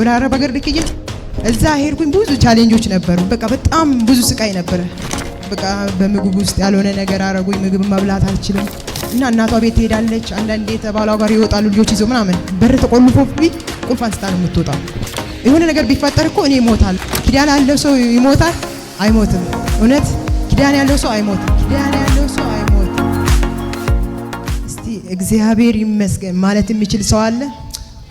ወደ አረብ ሀገር እዛ ሄድኩኝ። ብዙ ቻሌንጆች ነበሩ። በቃ በጣም ብዙ ስቃይ ነበረ። በቃ በምግብ ውስጥ ያልሆነ ነገር አረጉኝ። ምግብ መብላት አልችልም እና እናቷ ቤት ትሄዳለች። አንዳንዴ ተባሏ ጋር ይወጣሉ ልጆች ይዞ ምናምን። በር ተቆልፎብኝ ቁልፍ አንስታ ነው የምትወጣው። የሆነ ነገር ቢፈጠር እኮ እኔ ይሞታል። ኪዳን ያለው ሰው ይሞታል አይሞትም። እውነት ኪዳን ያለው ሰው አይሞትም። ኪዳን ያለው ሰው አይሞትም። እስቲ እግዚአብሔር ይመስገን ማለት የሚችል ሰው አለ?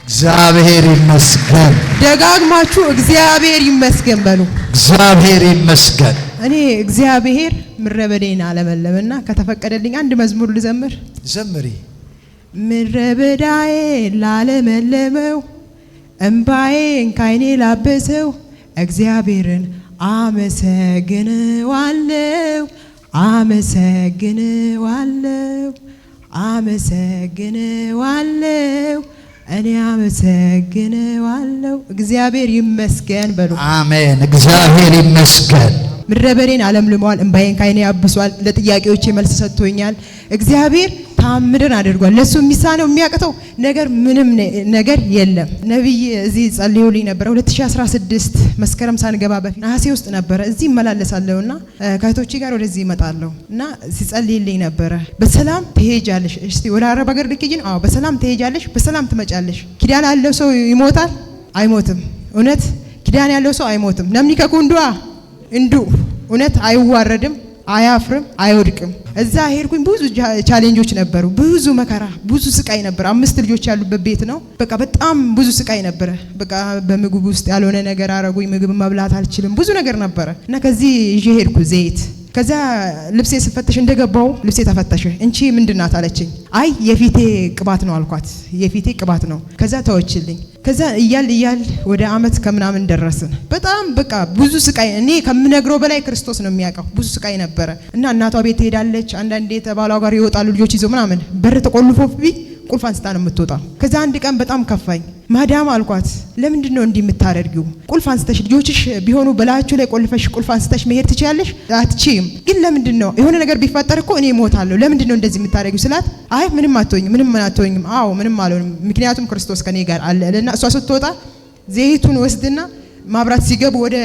እግዚአብሔር ይመስገን። ደጋግማችሁ እግዚአብሔር ይመስገን በሉ። እግዚአብሔር ይመስገን። እኔ እግዚአብሔር ምረበዴን አለመለመና ከተፈቀደልኝ አንድ መዝሙር ልዘምር። ዘምሪ። ምረበዳዬ ላለመለመው እምባዬን ካይኔ ላበሰው እግዚአብሔርን አመሰግንዋለሁ አመሰግንዋለው አመሰግንዋለሁ እኔ አመሰግነዋለሁ። እግዚአብሔር ይመስገን በሉ። አሜን። እግዚአብሔር ይመስገን። ምድረ በሬን አለምልሟል፣ እምባዬን ካይኔ ያብሷል። ለጥያቄዎቼ መልስ ሰጥቶኛል እግዚአብሔር ታምርን አድርጓል። ለሱ የሚሳነው የሚያቅተው ነገር ምንም ነገር የለም። ነቢይ እዚህ ጸልዩልኝ ነበረ 2016 መስከረም ሳንገባ በፊት ነሐሴ ውስጥ ነበረ። እዚህ እመላለሳለሁ እና ከእህቶቼ ጋር ወደዚህ እመጣለሁ እና ሲጸልይልኝ ነበረ። በሰላም ትሄጃለሽ፣ እስቲ ወደ አረብ ሀገር ልክይን። አዎ በሰላም ትሄጃለሽ፣ በሰላም ትመጫለሽ። ኪዳን ያለው ሰው ይሞታል አይሞትም? እውነት ኪዳን ያለው ሰው አይሞትም። ነምኒ ከኩንዱዋ እንዱ እውነት አይዋረድም አያፍርም፣ አይወድቅም። እዛ ሄድኩኝ። ብዙ ቻሌንጆች ነበሩ፣ ብዙ መከራ፣ ብዙ ስቃይ ነበር። አምስት ልጆች ያሉበት ቤት ነው። በቃ በጣም ብዙ ስቃይ ነበረ። በቃ በምግብ ውስጥ ያልሆነ ነገር አረጉኝ። ምግብ መብላት አልችልም። ብዙ ነገር ነበረ እና ከዚህ ይዤ ሄድኩ ዘይት ከዛ ልብሴ ስፈተሽ እንደገባው ልብሴ ተፈተሸ። እንቺ ምንድናት አለችኝ። አይ የፊቴ ቅባት ነው አልኳት። የፊቴ ቅባት ነው። ከዛ ተወችልኝ። ከዛ እያል እያል ወደ አመት ከምናምን ደረስን። በጣም በቃ ብዙ ስቃይ እኔ ከምነግረው በላይ ክርስቶስ ነው የሚያውቀው። ብዙ ስቃይ ነበረ እና እናቷ ቤት ትሄዳለች። አንዳንዴ ተባሏ ጋር ይወጣሉ ልጆች ይዞ ምናምን። በር ተቆልፎብኝ ቁልፍ አንስታ ነው የምትወጣው። ከዛ አንድ ቀን በጣም ከፋኝ። ማዳም አልኳት፣ ለምንድን ነው እንዲህ የምታደርጊው? ቁልፍ አንስተሽ ልጆችሽ ቢሆኑ በላያችሁ ላይ ቆልፈሽ ቁልፍ አንስተሽ መሄድ ትችያለሽ? አትችይም። ግን ለምንድን ነው የሆነ ነገር ቢፈጠር እኮ እኔ ሞታለሁ፣ ለምንድን ነው እንደዚህ የምታደርጊው ስላት፣ አይ ምንም አትሆኝም፣ ምንም አትሆኝም። አዎ ምንም አልሆንም፣ ምክንያቱም ክርስቶስ ከኔ ጋር አለ እና እሷ ስትወጣ ዘይቱን ወስድና ማብራት ሲገቡ ወደ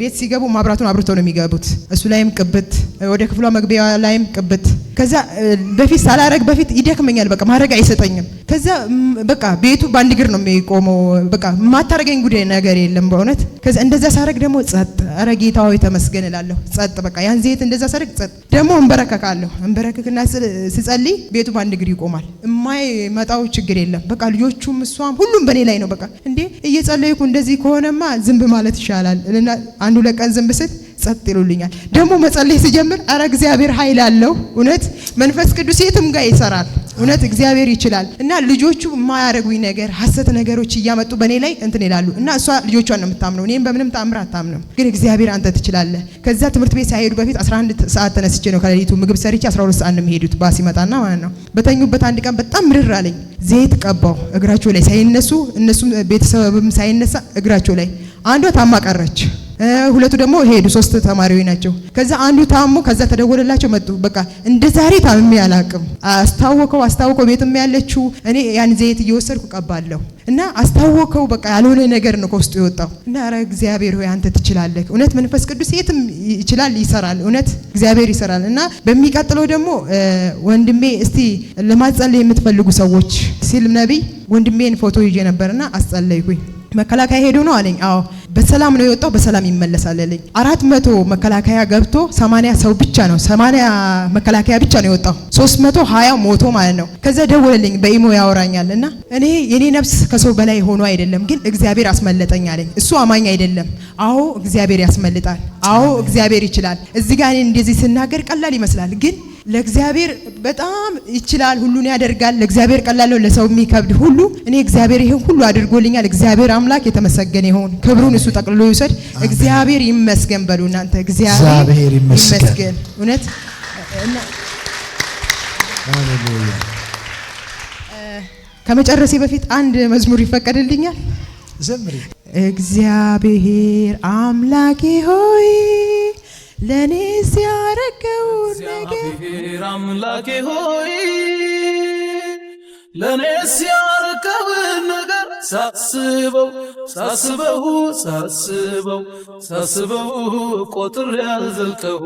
ቤት ሲገቡ ማብራቱን አብርተው ነው የሚገቡት። እሱ ላይም ቅብት፣ ወደ ክፍሏ መግቢያ ላይም ቅብት ከዛ በፊት ሳላረግ በፊት ይደክመኛል። በቃ ማድረግ አይሰጠኝም። ከዛ በቃ ቤቱ በአንድ እግር ነው የሚቆመው። በቃ የማታረገኝ ጉዳይ ነገር የለም በእውነት። ከዛ እንደዛ ሳረግ ደግሞ ጸጥ፣ ኧረ ጌታ ሆይ ተመስገን እላለሁ። ጸጥ በቃ ያን ዘይት እንደዛ ሳረግ ጸጥ፣ ደግሞ እንበረከካለሁ። እንበረከክና ስጸልይ ቤቱ በአንድ እግር ይቆማል። የማይመጣው ችግር የለም። በቃ ልጆቹም እሷም ሁሉም በእኔ ላይ ነው። በቃ እንዴ እየጸለይኩ እንደዚህ ከሆነማ ዝንብ ማለት ይሻላል። አንድ ሁለት ቀን ዝንብ ስል ጸጥ ይሉልኛል። ደግሞ መጸለይ ስጀምር አረ እግዚአብሔር ኃይል አለው እውነት መንፈስ ቅዱስ የትም ጋር ይሰራል። እውነት እግዚአብሔር ይችላል። እና ልጆቹ የማያደርጉኝ ነገር ሐሰት ነገሮች እያመጡ በእኔ ላይ እንትን ይላሉ። እና እሷ ልጆቿን ነው የምታምነው፣ እኔም በምንም ታምር አታምንም። ግን እግዚአብሔር አንተ ትችላለህ። ከዛ ትምህርት ቤት ሳይሄዱ በፊት 11 ሰዓት ተነስቼ ነው ከሌሊቱ ምግብ ሰርቼ 12 ሰዓት ነው የሚሄዱት ባስ ይመጣና ማለት ነው። በተኙበት አንድ ቀን በጣም ምርር አለኝ። ዘይት ቀባው እግራቸው ላይ ሳይነሱ እነሱም ቤተሰብም ሳይነሳ እግራቸው ላይ አንዷ ታማ ቀረች። ሁለቱ ደግሞ ሄዱ። ሶስት ተማሪዎች ናቸው። ከዛ አንዱ ታሞ ከዛ ተደወለላቸው መጡ። በቃ እንደ ዛሬ ታምሜ አላቅም። አስታወቀው አስታወቀው ቤትም ያለችው እኔ ያን ዘይት እየወሰድኩ ቀባለሁ እና አስታወቀው። በቃ ያልሆነ ነገር ነው ከውስጡ የወጣው እና ኧረ እግዚአብሔር ሆይ አንተ ትችላለህ። እውነት መንፈስ ቅዱስ የትም ይችላል፣ ይሰራል። እውነት እግዚአብሔር ይሰራል። እና በሚቀጥለው ደግሞ ወንድሜ እስቲ ለማጸለይ የምትፈልጉ ሰዎች ሲል ነቢይ ወንድሜን ፎቶ ይዤ ነበርና አስጸለይኩኝ። መከላከያ ሄዶ ነው አለኝ። አዎ በሰላም ነው የወጣው፣ በሰላም ይመለሳል አለኝ። አራት መቶ መከላከያ ገብቶ ሰማንያ ሰው ብቻ ነው ሰማንያ መከላከያ ብቻ ነው የወጣው፣ ሶስት መቶ ሀያው ሞቶ ማለት ነው። ከዛ ደወለልኝ በኢሞ ያወራኛል እና እኔ የኔ ነፍስ ከሰው በላይ ሆኖ አይደለም፣ ግን እግዚአብሔር አስመለጠኝ አለኝ። እሱ አማኝ አይደለም። አዎ እግዚአብሔር ያስመልጣል። አዎ እግዚአብሔር ይችላል። እዚህ ጋር እኔ እንደዚህ ስናገር ቀላል ይመስላል ግን ለእግዚአብሔር በጣም ይችላል፣ ሁሉን ያደርጋል። ለእግዚአብሔር ቀላል ነው፣ ለሰው የሚከብድ ሁሉ እኔ እግዚአብሔር ይሄን ሁሉ አድርጎልኛል። እግዚአብሔር አምላክ የተመሰገነ ይሁን፣ ክብሩን እሱ ጠቅልሎ ይውሰድ። እግዚአብሔር ይመስገን በሉ እናንተ። እግዚአብሔር ይመስገን እውነት ከመጨረሴ በፊት አንድ መዝሙር ይፈቀድልኛል? እግዚአብሔር አምላኬ ሆይ ለእኔ ሲያረግ እግዚአብሔር አምላኬ ሆይ ለእኔ ሲያርከብን ነገር ሳስበው ሳስበው ሳስበው ሳስበው ቆጥር ያዘልቀው